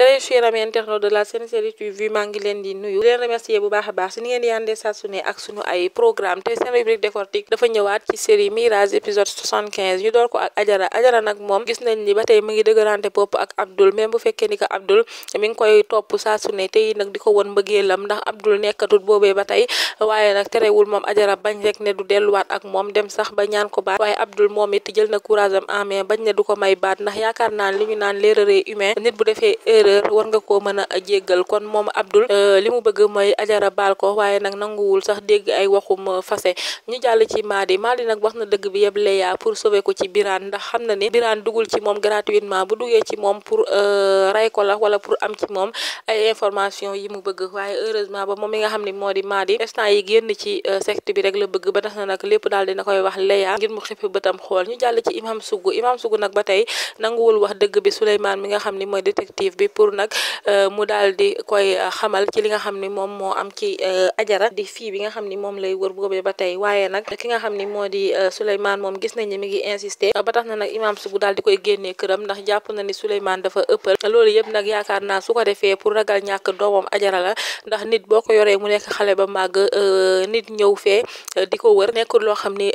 télé chers amis internautes de la Sen Série TV maa ngi leen di nuyu leen remercier bu baax a baax si ni ngeen di àndee saa su ne ak suñu ay programme te seen rubrique décortique dafa ñëwaat ci série Mirage épisode 75 ñu door ko Ajara Ajara nag moom gis nañ ni ba tey mu ngi dëgërante bopp ak Abdul même bu fekkee ni que Abdul mi ngi koy topp saa ne tey nag di ko won mbëggeelam ndax Abdul nekkatut boobee ba tey waaye nag terewul moom Ajara bañ rek ne du delluwaat ak moom dem sax ba ñaan ko baat waaye Abdul moom it jël na courage am en bañ ne du ko may baat ndax yaakaar naan li ñu naan l'erreur est humaine nit bu erreur war nga koo mën a jéggal kon moom Abdul euh, li mu bëgg mooy Ajara baal ko waaye nag nanguwul sax dégg ay waxum fase ñu jàll ci Madi Madi nag wax bi yëpp Leya pour na ni Birane dugul ci moom gratuitement bu duggee ci moom pour euh, rey ko la wala pour am ci moom ay yi mu bëgg waaye heureusement ba moom mi nga xam moo di Madi instant yi euh, bi la bëgg ba tax na nag lépp daal dina koy wax Leya ngir mu xippi bëtam xool ñu jàll ci Imam Sugu Imam Sugu nag ba tey nanguwul wax dëgg bi Souleymane mi nga xam ni mooy détective bi pour nag euh, mu daal di koy euh, xamal ci li nga xam ni moom moo am ci euh, ajara di fii bi nga xam ni moom lay wër boobee ba tey waaye nag ki nga xam ni moo di Souleymane moom gis nañ ni mi ngi insister ba tax na nag imam sugu daal di koy génnee këram ndax jàpp na ni Souleymane dafa ëppal loolu yëpp nag yaakaar naa su ko defee pour ragal ñàkk doomam ajara la ndax nit boo ko yoree mu nekk xale ba màgg nit ñëw fee di ko wër nekkul loo xam ni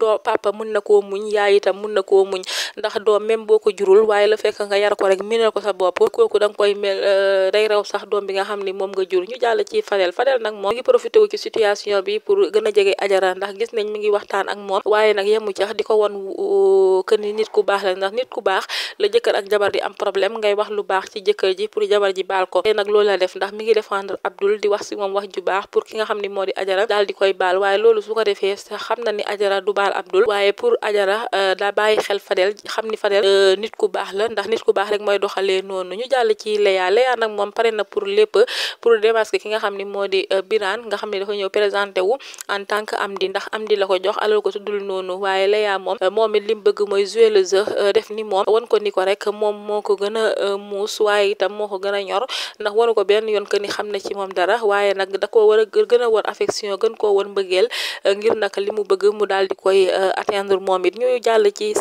doo papa mën na ko muñ yaay itam mun na ko muñ ndax doom même boo ko jurul waaye la fekk nga yar rek minal ko kooku da nga koy mel euh, day raw sax doom bi nga xam ni moom nga jur ñu jàll ci Fadel Fadel nag moom ngi profité wu situation bi pour gën a jege Ajara ndax gis nañ mi ngi waxtaan ak moom waaye nag yemu cax di ko won euh, que nit ku baax la ndax nit ku baax la jëkkër ak jabar di am problème ngay wax lu baax ci jëkkër ji pour jabar ji baal ko te nag loolu la def ndax mi ngi défendre Abdul di wax si baax pour ki nga xam ni moo di Ajara daal di koy baal waaye loolu su ko defee sax xam na ni Ajara du baal Abdul waaye pour Ajara euh, daa bàyyi xel Fadel xam ni Fadel nit ku baax la ndax nit ku baax rek mooy doxalee noonu ñu jàll daal di ciy Leya Leya nag moom pare na pour lépp pour démasquer ki nga xam ni moo di euh, Birane nga xam ne dafa ñëw présenté wu en tant que Amdy ndax Amdy la jox alors tuddul noonu waaye Leya moom euh, moom it li bëgg mooy jouer le jeu euh, def ni moom wan ko ni ko rek moom moo ko gën a muus waaye itam moo ko gën a ñor ndax wanu ko benn yoon que ni xam na ci moom dara waaye nag da koo war a gën a woon affection gën koo woon mbëggeel ngir nag li mu bëgg mu daal di koy atteindre moom it ñu jàll ci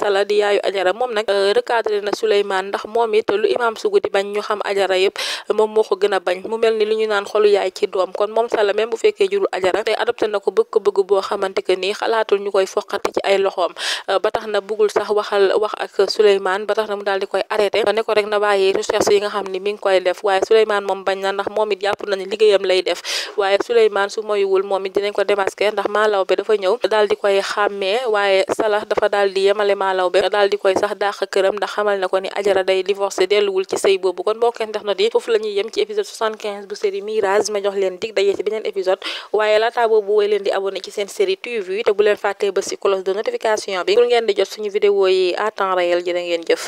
ñu xam ajara yëpp moom moo ko gën a bañ mu mel ni li ñu naan xolu yaay ci doom kon moom Salla même bu fekkee jurul ajara te adopté na ko bëgg ko bëgg boo xamante nii xalaatul ñu koy foqati ci ay loxoom euh, ba tax na bëggul sax waxal wax ak Souleymane ba tax na mu daal koy arrêté ne ko rek na waaye Souleymane moom bañ na ndax moom it jàpp na liggéeyam lay def waaye Souleymane su moyuwul moom it dinañ ko démasqué ndax maalaw bi dafa ñëw daal koy xàmmee yóbbu kon mbokk internet yi foofu la yem ci épisode 75 bu série Mirage ma jox leen dig daje ci beneen épisode waaye laata boobu woy leen di abonné ci seen série TV te bu leen fàttee ba si cloche de notification bi ngir ngeen di jot suñu vidéo yi à temps réel jërë ngeen jëf